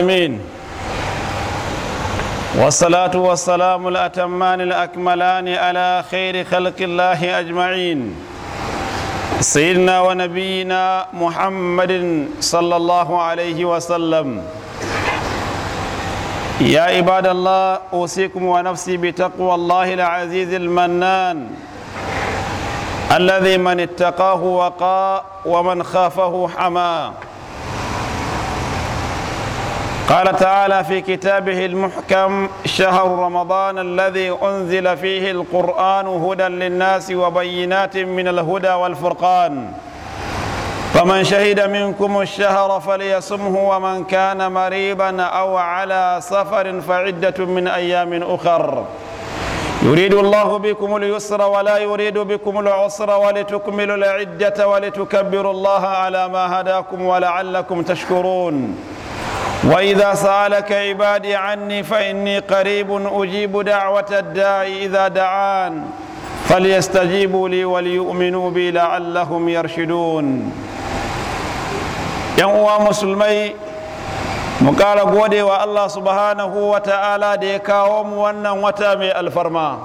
العالمين والصلاة والسلام الأتمان الأكملان على خير خلق الله أجمعين سيدنا ونبينا محمد صلى الله عليه وسلم يا عباد الله أوصيكم ونفسي بتقوى الله العزيز المنان الذي من اتقاه وقى ومن خافه حماه قال تعالى في كتابه المحكم شهر رمضان الذي أنزل فيه القرآن هدى للناس وبينات من الهدى والفرقان فمن شهد منكم الشهر فليصمه ومن كان مريبا أو على سفر فعدة من أيام أخر يريد الله بكم اليسر ولا يريد بكم العسر ولتكملوا العدة ولتكبروا الله على ما هداكم ولعلكم تشكرون وإذا سألك عبادي عني فإني قريب أجيب دعوة الداعي إذا دعان فليستجيبوا لي وليؤمنوا بي لعلهم يرشدون yan uwa musulmai mu ƙara godewa wa allah subhanahu wa ta'ala da ya kawo mu wannan wata mai alfarma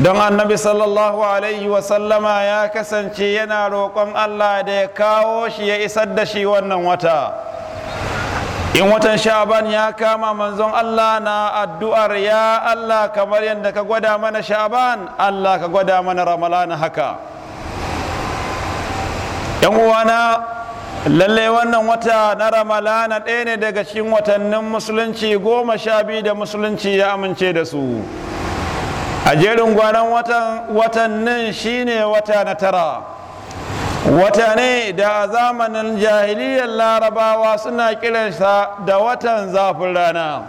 don annabi sallallahu alaihi wasallama ya kasance yana rokon allah da ya kawo shi ya isar da shi wannan wata in watan sha'ban ya kama manzon Allah na addu'ar ya Allah kamar yadda ka gwada mana sha'ban Allah ka gwada mana ramalana haka yan uwana lallai wannan wata na ramalana ɗaya ne daga cikin watannin musulunci goma sha biyu da musulunci ya amince da su a jerin gwanon watannin shine wata na tara wata ne da zamanin jahiliyar larabawa suna kiransa da watan zafin rana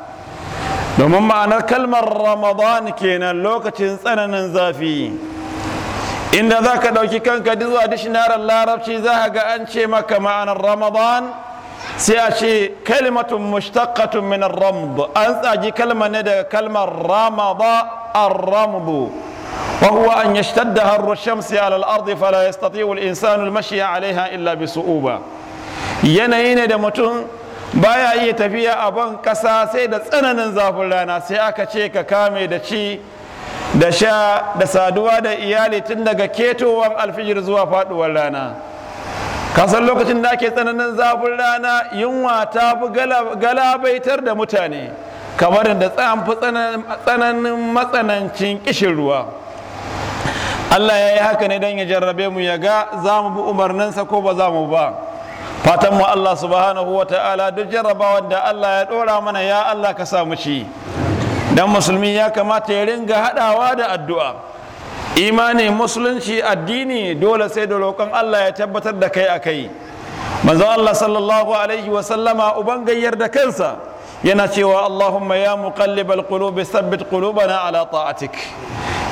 domin ma'anar kalmar ramadan kenan lokacin tsananin zafi inda za ka ɗauki kanka zuwa dishinarar larabci za ga an ce maka ma'anar ramadan sai a ce kalmatun mushtaqatun min ramd an tsaji kalma ne daga kalmar Ramadan ar-ramdu an وهو أن يشتدها الشمس على الأرض فلا يستطيع الإنسان المشي عليها إلا uba yanayi ne da mutum baya iya tafiya a ban ƙasa sai da tsananin zafin rana sai aka ce ka kame da ci da sha da saduwa da iyali tun daga ketowar alfijir zuwa faɗuwar rana kasan lokacin da ake tsananin zafin rana yunwa ta fi galabaitar da mutane kamar da tsan fi tsananin matsanancin kishin ruwa Allah ya yi haka ne don ya jarrabe mu ya ga za mu bi umarninsa ko ba za mu ba fatan mu Allah subhanahu wa ta'ala duk jarrabawar da Allah ya ɗora mana ya Allah ka sa mu ci dan musulmi ya kamata ya ringa haɗawa da addu'a imani musulunci addini dole sai da roƙon Allah ya tabbatar da kai a kai manzo Allah sallallahu alaihi wa sallama uban gayyar da kansa yana cewa Allahumma ya muqallibal qulubi thabbit qulubana ala ta'atik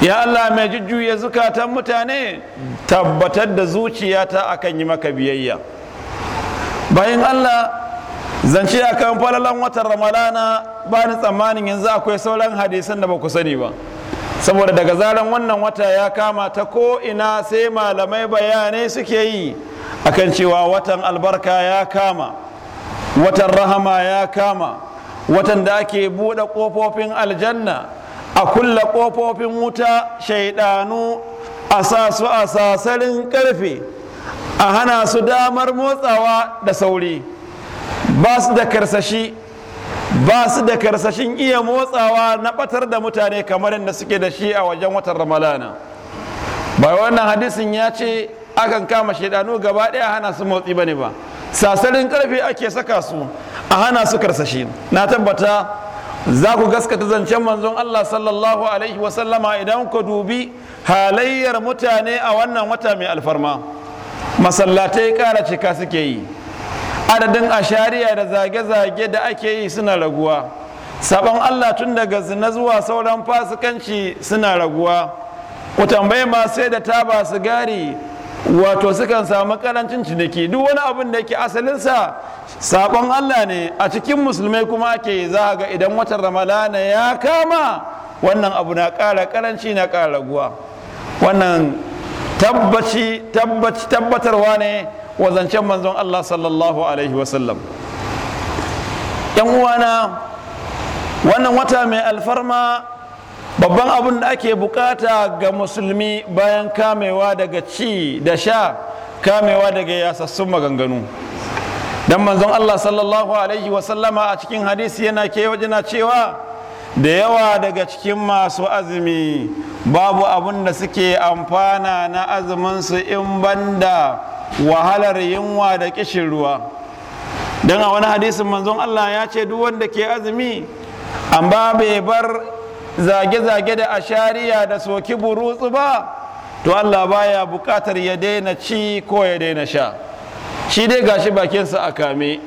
ya Allah mai jujjuya zukatan mutane tabbatar da zuciyata akan yi maka biyayya bayan Allah zance akan falalan watan ramalana ba ni tsammanin yanzu akwai sauran hadisan da ba ku sani ba saboda daga zaran wannan wata ya kama ta ko ina sai malamai bayanai suke yi akan cewa watan albarka ya kama watan rahama ya kama watan da ake buɗe ƙofofin aljanna a kulla ƙofofin wuta shaidanu a sa su a sasarin ƙarfe a hana su damar motsawa da sauri ba su da karsashi ba su da karsashin iya motsawa na batar da mutane kamar yadda suke da shi a wajen watan ramalana bai wannan hadisin ya ce akan kama shaidanu gaba ɗaya hana su motsi bane ba sasarin ƙarfe ake saka su a hana su karsashi na tabbata za ku gaskata zancen manzon Allah sallallahu alaihi wasallama idan ku dubi halayyar mutane a wannan wata mai alfarma masallatai ƙara cika suke yi adadin ashariya da zage-zage da ake yi suna raguwa sabon Allah tun daga zina zuwa sauran fasikanci suna raguwa ku tambaye masu da taba gari. wato sukan samu karancin ciniki duk wani abin da yake asalinsa sabon Allah ne a cikin musulmai kuma ake za ga idan watan ramadana ya kama wannan abu na ƙara karanci na ƙara raguwa wannan tabbaci tabbaci tabbatarwa ne wa zancen manzon Allah sallallahu alaihi wasallam yan uwana wannan wata mai alfarma babban abin da ake bukata ga musulmi bayan kamewa daga ci da sha kamewa daga yasassun maganganu dan manzon Allah sallallahu alaihi wasallama a cikin hadisi yana ke wajina cewa da yawa daga cikin masu azumi babu abin da suke amfana na azuminsu in banda wahalar yunwa da kishin ruwa don a wani hadisin manzon Allah ya ce duk wanda ke azumi amma bai bar zage-zage da ashariya da soki burutsu ba to Allah baya bukatar ya daina ci ko ya daina sha shi dai gashi bakinsa a kame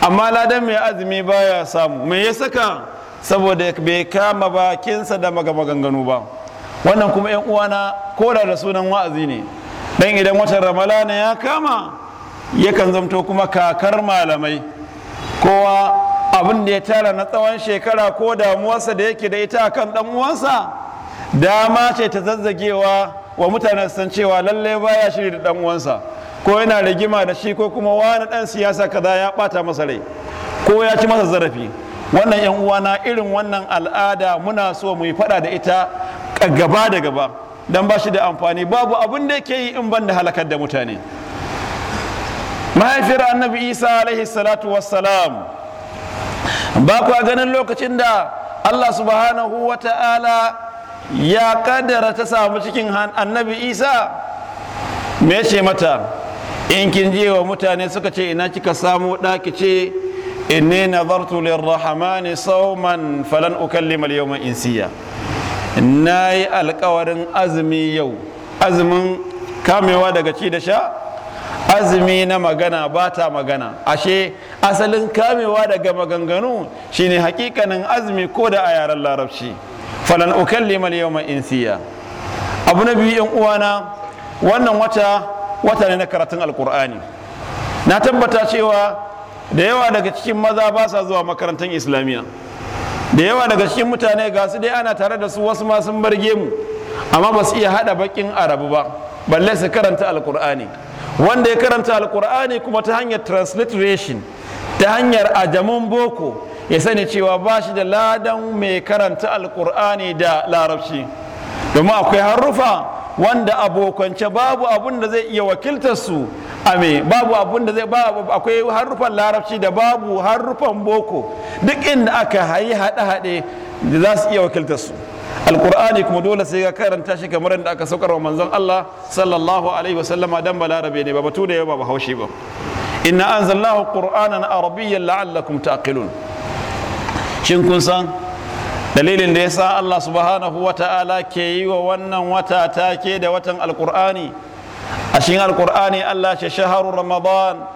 amma ladan mai azumi baya samu me ya saka saboda bai kama bakinsa da maganganu ba wannan kuma yan uwana koda da sunan wa'azi ne dan idan watan ramalana ya kama yakan zamto kuma kakar malamai kowa abin da ya tara na tsawon shekara ko damuwarsa da yake da ita akan dan uwansa dama ce ta zazzagewa wa mutanen san cewa lallai baya shiri da dan uwansa ko yana rigima da shi ko kuma wani dan siyasa kaza ya bata masa rai ko ya ci masa zarafi wannan yan uwana irin wannan al'ada muna so mu yi fada da ita gaba da gaba dan ba shi da amfani babu abin da yake yi in ban da halakar da mutane mahaifiyar annabi isa alaihi salatu wassalam ba kwa ganin lokacin da Allah subhanahu wa ta'ala ya kaddara ta samu cikin annabi isa me ce mata in kin je wa mutane suka ce ina kika samu ɗaki ce inni nazartu lirrahmani sauman falan ukallima al-yawma insiya nayi alƙawarin azumi yau azumin kamewa daga ci da sha azumi na magana ba ta magana ashe asalin kamewa daga maganganu shine hakikanin azumi ko da a yaren larabci falan ukallima yau mai insiya abu na biyu yan uwana wannan wata wata ne na karatun alkur'ani na tabbata cewa da yawa daga cikin maza ba sa zuwa makarantar islamiyya da yawa daga cikin mutane ga su dai ana tare da su wasu ma sun barge mu amma ba su iya hada bakin arabu ba balle su karanta alkur'ani wanda ya karanta alkur'ani kuma ta hanyar transliteration ta hanyar ajamun boko ya sani cewa ba shi da ladan mai karanta alkur'ani da larabci domin akwai harufa wanda abokance babu abun da zai iya wakiltar su a me babu abun da zai babu akwai harufan larabci da babu harufan boko duk inda aka hayi haɗe-haɗe da za su iya wakiltar su alkur'ani kuma dole sai ka karanta shi kamar yadda aka saukar wa manzon Allah sallallahu alaihi wasallama ba larabe ne ba batu da yau ba bahaushe ba inna anzalnahu qur'anan arabiyyan la'allakum taqilun shin kun san dalilin da yasa Allah subhanahu wa ta'ala ke yi wa wannan wata take da watan alqur'ani a cikin alqur'ani Allah shi shahar ramadan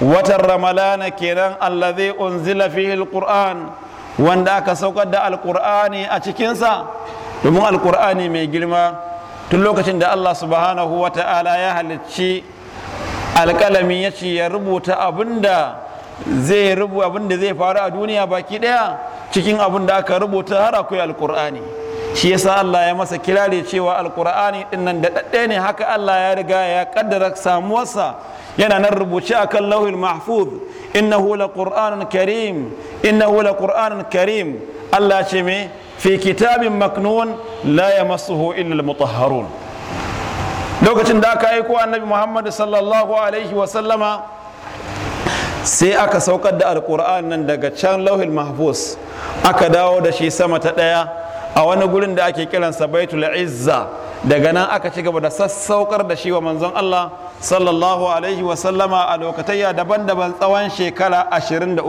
watan ramalana kenan allazi unzila fihi alqur'an wanda aka saukar da alqur'ani a cikinsa domin alqur'ani mai girma tun lokacin da Allah subhanahu wa ta'ala ya halicci alƙalami ya ce ya rubuta abin da zai rubu zai faru a duniya baki ɗaya cikin abin da aka rubuta har akwai alƙur'ani shi yasa Allah ya masa kirare cewa alƙur'ani ɗin nan da ɗaɗɗe ne haka Allah ya riga ya kaddara samuwarsa yana nan rubuce a kan lauhul mahfuz innahu laqur'anun karim innahu laqur'anun karim Allah ce me fi kitabin maknun la yamassuhu illa al-mutahharun lokacin da aka aiko annabi muhammad sallallahu alaihi sallama, sai aka saukar da alkur'an nan daga can lauhin mahfuz aka dawo da shi sama ta ɗaya a wani gurin da ake kiransa baitul izza daga nan aka ci gaba da sassaukar da shi wa manzon Allah sallallahu alaihi sallama a lokatayya daban-daban tsawon shekara 23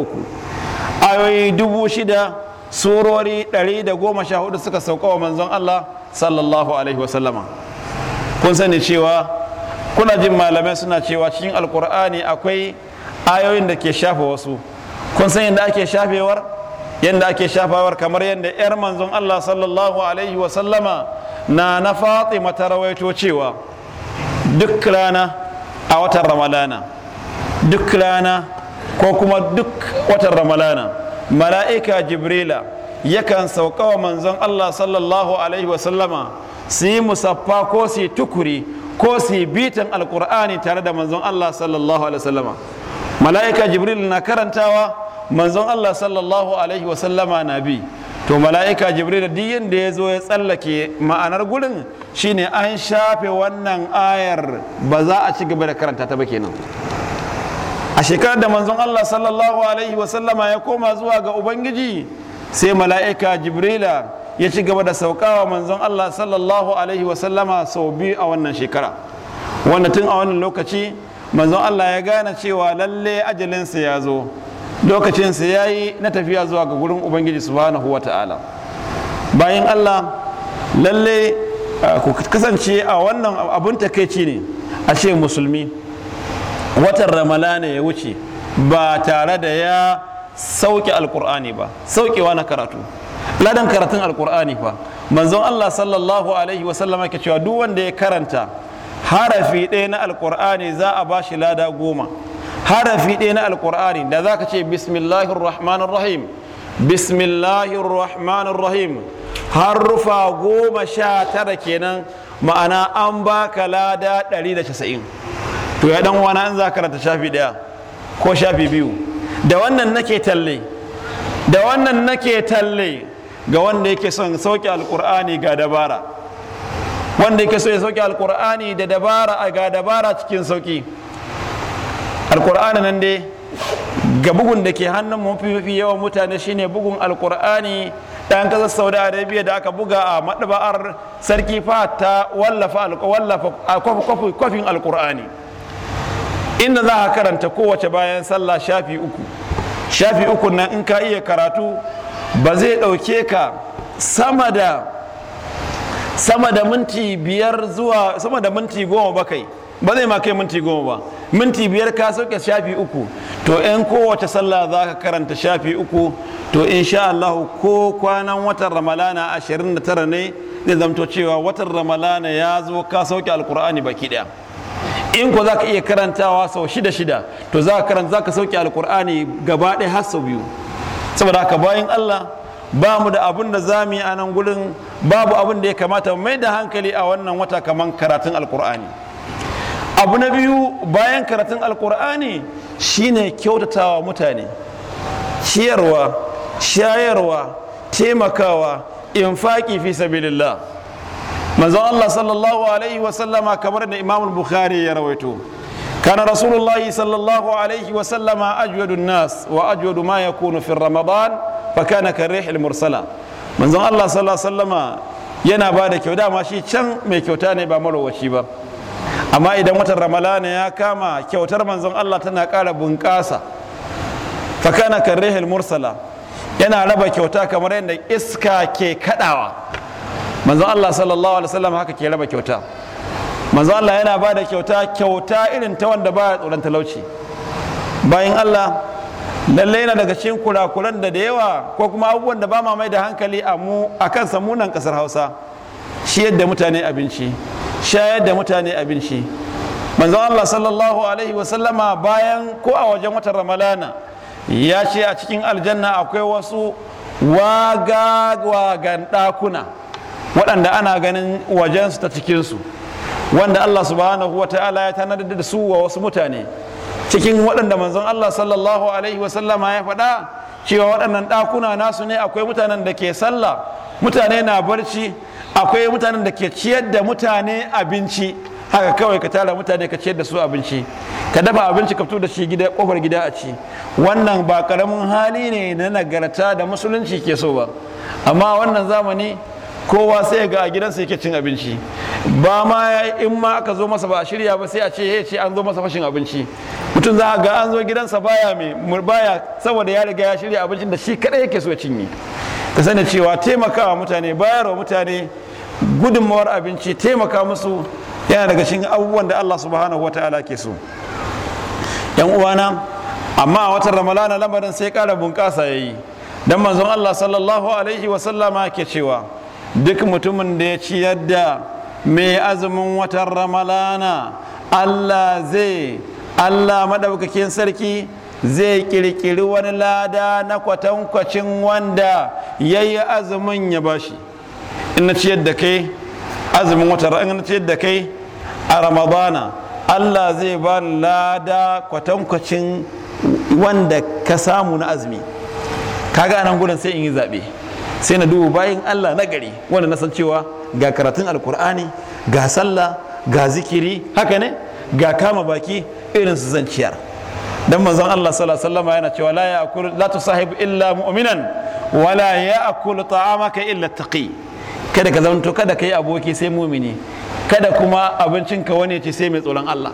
ayoyi dubu shida surori ɗari da goma hudu suka sauka wa manzon Allah sallallahu alaihi sallama. kun sani cewa kuna jin malamai suna cewa cikin alkur'ani akwai ayoyin da ke shafa wasu kun san yadda ake shafewar yadda ake shafawar kamar yadda 'yar manzon allah sallallahu alaihi wasallama na na fatima ta cewa duk rana a watan ramalana duk rana ko kuma duk watan ramalana mala'ika jibrila yakan sauka wa manzon allah sallallahu alaihi wasallama su yi musaffa ko su yi tukuri ko su yi bitan alkur'ani tare da manzon Allah sallallahu alaihi wasallama mala'ika jibril na karantawa manzon Allah sallallahu alaihi wasallama na bi to mala'ika jibril da da ya zo ya tsallake ma'anar gurin shine an shafe wannan ayar ba za a ci gaba da karanta ta ba kenan a shekarar da manzon Allah sallallahu alaihi wasallama ya koma zuwa ga ubangiji sai mala'ika jibrila ya ci gaba da saukawa manzon Allah sallallahu alaihi wasallama sau biyu a wannan shekara wanda tun a wannan lokaci manzon Allah ya gane cewa lalle ajalinsa ya zo lokacinsa ya yi na tafiya zuwa ga gurin ubangiji subhanahu wa ta'ala bayan Allah lalle ah, ku kasance a wannan abun takaici ne a ce musulmi watan ramalana ya wuce ba tare da ya sauke alkur'ani ba saukewa na karatu ladan karatun alkur'ani fa manzon Allah sallallahu alaihi wa sallama ke cewa duk wanda ya karanta harafi ɗaya na alkur'ani za a ba shi lada goma harafi ɗaya na alkur'ani da za ka ce bismillahir rahmanir rahim bismillahir rahmanir rahim harufa goma sha tara kenan ma'ana an baka lada ɗari da casa'in to ya dan wana an za karanta shafi ɗaya ko shafi biyu da wannan nake talle da wannan nake talle ga wanda yake son sauke alkur'ani ga dabara wanda yake so ya sauke alkur'ani da dabara a ga dabara cikin sauki alkur'ani nan dai ga bugun da ke hannun mafi yawan mutane shine bugun alkur'ani ɗan ƙasar saudi arabia da aka buga a maɗaba'ar sarki fata wallafa kwafin alkur'ani inda za a karanta kowace bayan sallah shafi uku shafi uku nan in ka iya karatu ba zai ɗauke ka sama da sama da minti biyar zuwa sama da minti goma ba kai ba zai ma kai minti goma ba minti biyar ka sauke shafi uku to in kowace sallah za ka karanta shafi uku to insha Allah ko kwanan watan ramalana 29 ne zai zamto cewa watan ramalana ya zo ka sauke alkur'ani baki daya in ko za ka iya karantawa sau shida shida to za ka sauke alkur'ani gaba ɗaya har sau biyu saboda haka bayan Allah ba mu da abun da zamu yi a nan gurin babu abin da ya kamata mai da hankali a wannan wata kamar karatun alkur'ani abu na biyu bayan karatun alkur'ani shine kyautatawa mutane ciyarwa shayarwa taimakawa infaki fi sabilillah manzon Allah sallallahu alaihi Sallama kamar da Imam Bukhari ya rawaito كان رسول الله صلى الله عليه وسلم أجود الناس وأجود ما يكون في رمضان فكان كالريح المرسلة من زمان الله صلى الله عليه وسلم yana ba da kyauta ma shi can mai kyauta ne ba marowaci ba amma idan watan ramalana ya kama kyautar manzon Allah tana kara bunƙasa fakana karrihil mursala yana raba kyauta kamar yadda iska ke kaɗawa. manzon Allah sallallahu alaihi wasallam haka ke raba kyauta manzo Allah yana ba da kyauta kyauta irin ta wanda ya tsoron talauci bayan Allah lallai yana daga cikin kurakuran da da yawa ko kuma abubuwan da ba ma mai da hankali a mu a samunan kasar Hausa shi yadda mutane abinci shayar da mutane abinci manzo Allah sallallahu alaihi wa sallama bayan ko a wajen watan Ramadana ya ce a cikin aljanna akwai wasu waga ɗakuna waɗanda ana ganin wajensu ta cikinsu wanda Allah subhanahu wa ta'ala ya tanadar da su wa wasu mutane cikin waɗanda manzon Allah sallallahu alaihi wasallama ya faɗa cewa waɗannan ɗakuna nasu ne akwai mutanen da ke sallah mutane na barci akwai mutanen da ke ciyar da mutane abinci haka kawai ka tara mutane ka ciyar da su abinci ka dafa abinci ka fito da shi gida kofar gida a ci wannan ba karamin hali ne na nagarta da musulunci ke so ba amma wannan zamani kowa sai ga a gidansa yake cin abinci ba ma in ma aka zo masa ba a shirya ba sai a ce ya eh, ce an zo masa fashin abinci mutum za a ga an zo gidansa baya mai murbaya saboda ya riga ya shirya abincin da shi kadai yake so cinye ta sani cewa taimakawa mutane bayarwa mutane gudunmawar abinci taimaka musu yana daga cikin abubuwan da Allah subhanahu wa ta'ala ke so yan uwana amma a watan ramalana lamarin sai ƙara bunƙasa yayi dan manzon Allah sallallahu alaihi wa sallama ke cewa duk mutumin da ya ci yadda mai azumin watan ramalana allah zai allah maɗaukakin sarki zai ƙirƙiri wani lada na kwatankwacin wanda ya yi azumin ya bashi in na ci yadda kai azumin watan na ci yadda kai a ramadana allah zai ba lada kwatankwacin wanda ka samu na azumi kaga anan gudun sai in yi zaɓe sai na duba bayan Allah na gari wanda na san cewa ga karatun alkur'ani ga sallah ga zikiri haka ne ga kama baki irin su zanciyar dan manzon Allah sallallahu alaihi wasallam yana cewa la ya'kul la tusahibu illa mu'minan wa la ya'kul ta'amaka illa taqi kada ka zanto kada kai aboki sai mumini kada kuma abincinka wani ce sai mai tsoron Allah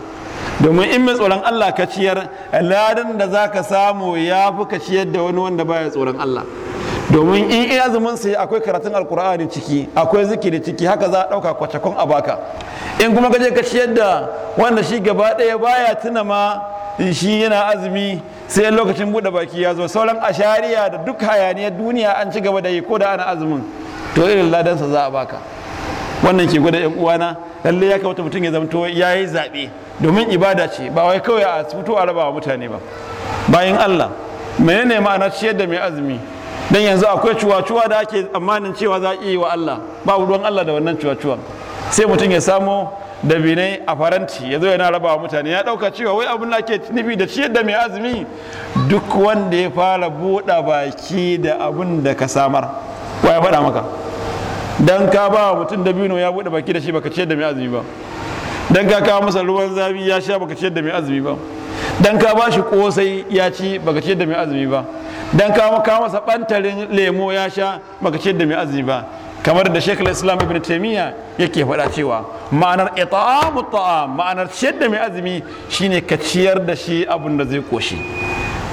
domin in mai tsoron Allah ka ciyar ladan da zaka samu ya fi ka ciyar da wani wanda baya tsoron Allah domin in iya azumin sai akwai karatun alkur'ani ciki akwai zikiri ciki haka za a ɗauka kwacakon a baka in kuma gaje ka ciyar da wanda shi gaba ɗaya baya tuna ma shi yana azumi sai lokacin buɗe baki ya zo sauran ashariya da duk hayaniyar duniya an ci gaba da yi ko da ana azumin to irin ladansa za a baka wannan ke gwada 'yan uwana lallai ya kamata mutum ya zamto ya yi zaɓe domin ibada ce ba wai kawai a fito a raba wa mutane ba bayan allah menene ma'anar ciyar da mai azumi Don yanzu akwai cuwa-cuwa da ake tsammanin cewa za a yi wa Allah ba ruwan Allah da wannan cuwa-cuwa sai mutum ya samo binai a faranti ya zo yana rabawa mutane ya dauka cewa wai abin da ake nufi da ciyar da mai azumi duk wanda ya fara buɗa baki da abin da ka samar wa ya faɗa maka dan ka ba mutum da dabino ya buɗe baki da shi baka ciyar da mai azumi ba dan ka kawo masa ruwan zafi ya sha baka ciyar da mai azumi ba dan ka ba shi kosai ya ci baka ciyar da mai azumi ba dan kawo kawo masa bantarin lemo ya sha baka ce da mai azumi ba kamar da shekul islam ibn taimiyya yake faɗa cewa ma'anar ita'amu ta'am ma'anar ciyar da mai azumi shine ka ciyar da shi abin da zai koshi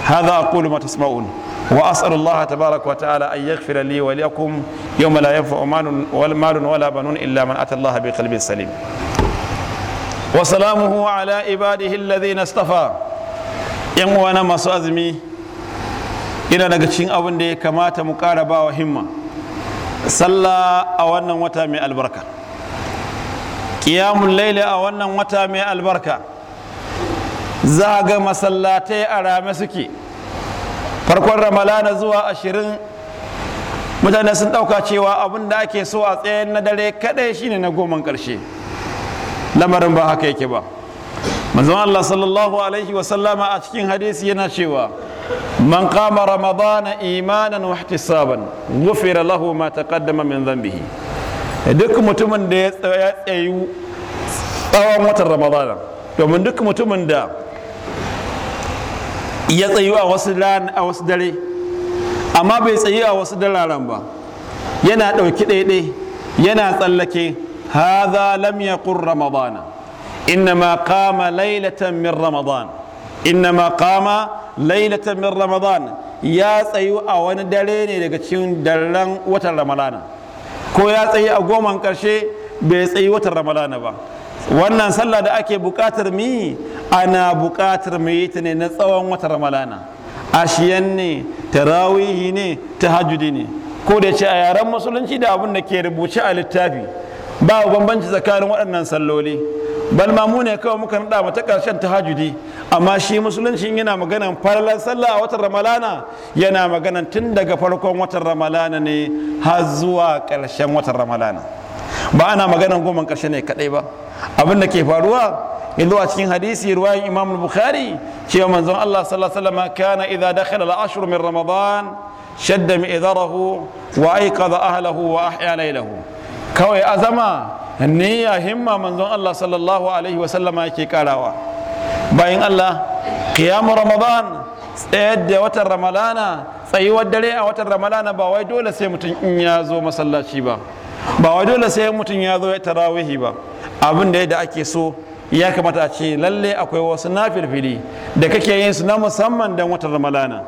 hadha aqulu ma tasma'un wa as'alu Allah tabaraka wa ta'ala an yaghfira li wa lakum yawma la yanfa'u malun wal malun wala banun illa man ata Allah bi qalbin salim wa salamuhu ala ibadihi alladhina istafa yan uwana masu azumi ina daga cikin abin da ya kamata mu ƙara ba wa himma sallah a wannan wata mai albarka ƙiyamun laila a wannan wata mai albarka za a ga masallatai a rame suke farkon ramalana zuwa ashirin mutane sun ɗauka cewa abin da ake so a tsayen na dare kaɗai shine na goman ƙarshe lamarin ba haka yake ba manzon Allah sallallahu alaihi wasallama a cikin hadisi yana cewa من قام رمضان إيمانا واحتسابا غفر له ما تقدم من ذنبه دك متمن دي أيو طوى موت رمضان ومن دك متمن دا يطيو أوسدلان أوسدلي أما بيسي أوسدل ألمبا ينا دو كده دي ينا تلك هذا لم يقر رمضان إنما قام ليلة من رمضان innama kama lailatan min ramadan ya tsayu a wani dare ne daga cikin daren watan ramadana ko ya tsayi a goman karshe bai tsayi watan ramadana ba wannan sallah da ake bukatar mi ana bukatar mu yi ta ne na tsawon watan ramadana ashiyan ne tarawihi ne tahajjudi ne ko da ce a yaren musulunci da abin da ke rubuce a littafi ba bambanci tsakanin waɗannan salloli bal ma mu ne kawai muka nada mata karshen tahajjudi amma shi musulunci yana maganan farallar sallah a watan ramalana yana maganan tun daga farkon watan ramalana ne har zuwa karshen watan ramalana ba ana maganan goma karshe ne kadai ba abin da ke faruwa yanzu a cikin hadisi ruwayin imam bukhari cewa manzon allah sallallahu alaihi wasallam kana idza dakhala al-ashr min ramadan shadda mi'darahu wa ayqadha ahlahu wa ahya laylahu kawai azama niyya himma manzon Allah sallallahu alaihi wasallama yake karawa bayan Allah qiyamu ramadan tsayar da watan ramalana tsayuwar dare a watan ramalana ba wai dole sai mutum in ya zo masallaci ba ba wai dole sai mutum ya zo ya tarawihi ba abin da yadda ake so ya kamata a ce lalle akwai wasu nafilfili da kake yin su na musamman dan watan ramalana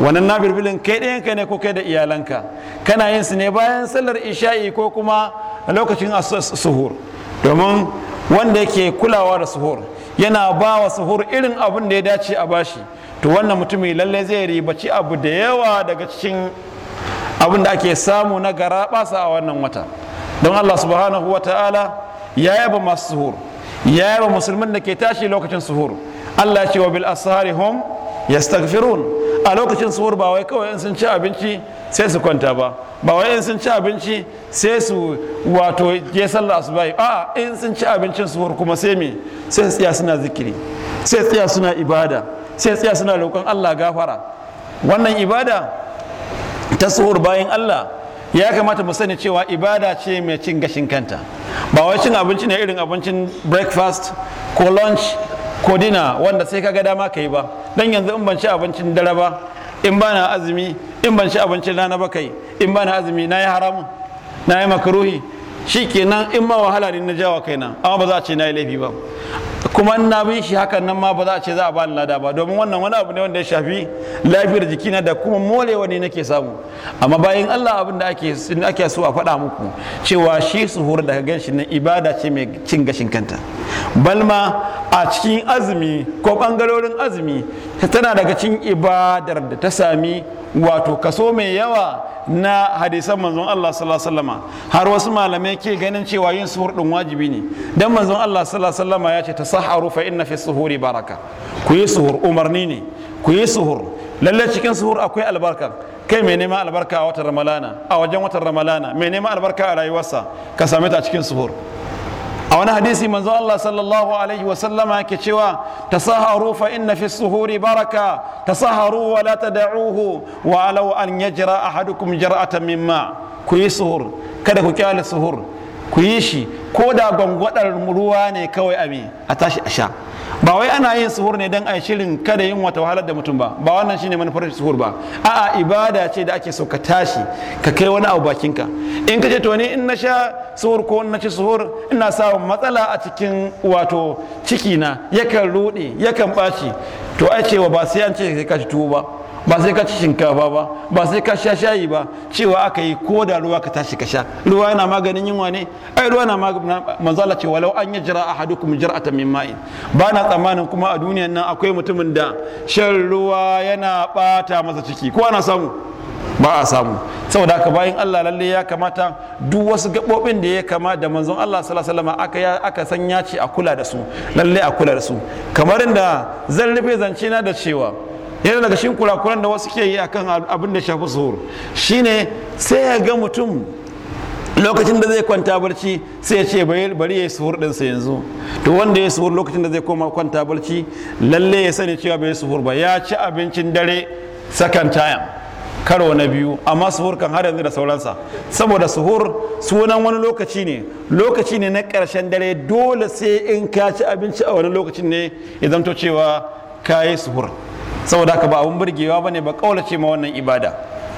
wannan nafilfilin kai ɗayan kai ne ko kai da iyalanka kana yin su ne bayan sallar isha'i ko kuma a lokacin suhur domin wanda yake kulawa da suhur yana ba wa suhur irin abin da ya dace a bashi to wannan mutumin lalle zai ribaci abu da yawa daga cikin abin da ake samu na gara a wannan wata don allah subhanahu wa ta'ala ya yaba masu suhur ya yaba musulmin da ke tashi lokacin suhur allah ce wa bil asari hum yastaghfirun a lokacin suhur ba wai kawai in sun ci abinci sai su kwanta ba ba wai in sun ci abinci sai su wato je sallah asubahi a in sun ci abincin su kuma sai me sai tsaya suna zikiri sai tsaya suna ibada sai tsaya suna roƙon Allah gafara wannan ibada ta suhur bayan Allah ya kamata mu sani cewa ibada ce mai cin gashin kanta ba wai cin abinci ne irin abincin breakfast ko lunch ko dinner wanda sai ka ga dama ka yi ba dan yanzu in ban ci abincin dare ba in ba na azumi in ban ci abincin rana ba kai in ba na azumi na yi haramun na yi makaruhi kenan in ma wahala ne na jawa kaina amma ba za a ce na yi laifi ba kuma na bin shi hakan nan ma ba za a ce za a ba ni lada ba domin wannan wani abu ne wanda ya shafi lafiyar jikina da kuma morewa ne nake samu amma bayan Allah abin da ake ake so a faɗa muku cewa shi suhur da ka ganshi nan ibada ce mai cin gashin kanta balma a cikin azumi ko bangarorin azumi tana daga cikin ibadar da ta sami wato kaso mai yawa na hadisan manzon Allah sallallahu alaihi wasallam har wasu malamai ke ganin cewa yin suhur din wajibi ne dan manzon Allah sallallahu alaihi wasallam ya ce saharu fa inna fi suhuri baraka ku yi suhur umarni ne ku yi suhur lalle cikin suhur akwai albarka kai mai neman albarka a watan ramalana a wajen watan ramalana mai neman albarka a rayuwarsa ka same ta cikin suhur a wani hadisi manzo Allah sallallahu alaihi wa sallama yake cewa tasaharu fa inna fi suhuri baraka tasaharu wa la tad'uhu wa law an yajra ahadukum jar'atan mimma ku yi suhur kada ku kyale suhur ku yi shi ko da gwangwadar ruwa ne kawai a a tashi a sha ba wai ana yin suhur ne don a shirin kada yin wata wahalar da mutum ba ba wannan shine manufar suhur ba a'a ibada ce da ake so ka tashi ka kai wani abu bakinka in ka ce to ni in na sha suhur ko na ci suhur ina samun matsala a cikin wato ciki na yakan rude yakan ɓaci to ai cewa ba sai an ce sai ka ci tuwo ba ba sai ka ci shinkafa ba ba sai ka sha shayi ba cewa aka yi ko da ruwa ka tashi ka sha ruwa yana maganin yunwa ne ai ruwa na manzala ce walau an yi jira a kuma jira a min ma'in ba na tsammanin kuma a duniyan nan akwai mutumin da shan ruwa yana bata masa ciki ko ana samu ba a samu saboda haka bayan Allah lalle ya kamata duk wasu gabobin da ya kama da manzon Allah sallallahu aka aka san ce a kula da su lalle a kula da su kamar inda zan rufe zance na da cewa yana daga shi kurakuran da wasu ke yi a kan abin da shafi zuhur shine sai ya ga mutum lokacin da zai kwanta barci sai ya ce bari ya yi suhur ɗinsa yanzu to wanda ya suhur lokacin da zai koma kwanta barci lalle ya sani cewa bai yi suhur ba ya ci abincin dare sakan tayan karo na biyu amma suhur kan har yanzu da sauransa saboda suhur sunan wani lokaci ne lokaci ne na karshen dare dole sai in ka ci abinci a wani lokacin ne ya zanto cewa ka yi suhur saboda haka ba abun burgewa bane ba kaulace ma wannan ibada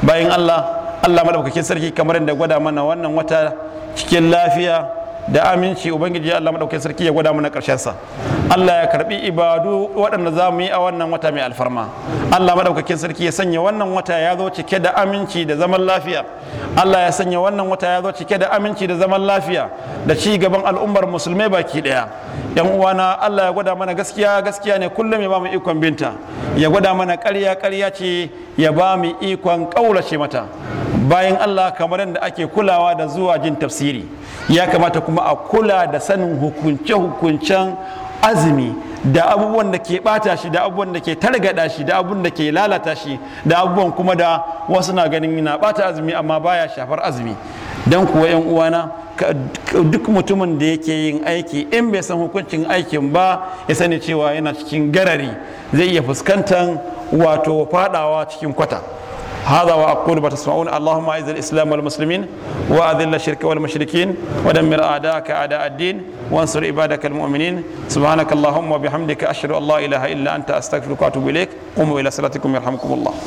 bayan Allah Allah madaukakin sarki kamar inda gwada mana wannan wata cikin lafiya da aminci ubangiji Allah madaukakin sarki ya gwada mana karshen sa Allah ya karbi ibadu waɗanda za mu yi a wannan wata mai alfarma Allah madaukakin sarki ya sanya wannan wata ya zo cike da aminci da zaman lafiya Allah ya sanya wannan wata ya zo cike da aminci da zaman lafiya da ci gaban al'ummar musulmai baki ɗaya. yan uwana Allah ya gwada mana gaskiya gaskiya ne kullum ya ba mu ikon binta ya gwada mana ƙarya ƙarya ce ya ba mu ikon ƙaurace mata bayan Allah kamar yadda ake kulawa da zuwa jin tafsiri ya kamata kuma a kula da sanin hukunce-hukuncen azumi da abubuwan da ke bata shi da abubuwan da ke targada shi da abubuwan da ke lalata shi da abubuwan kuma da wasu na ganin na bata azumi amma baya shafar azumi don kuwa yan uwana duk mutumin da yake yin aiki in bai san hukuncin aikin ba ya sani cewa yana cikin garari zai iya fuskantar wato fadawa cikin kwata هذا وأقول ما تسمعون اللهم أعز الإسلام والمسلمين وأذل الشرك والمشركين ودمر أعداءك أعداء الدين وانصر عبادك المؤمنين سبحانك اللهم وبحمدك أشهد أن لا إله إلا أنت أستغفرك وأتوب إليك قوموا إلى صلاتكم يرحمكم الله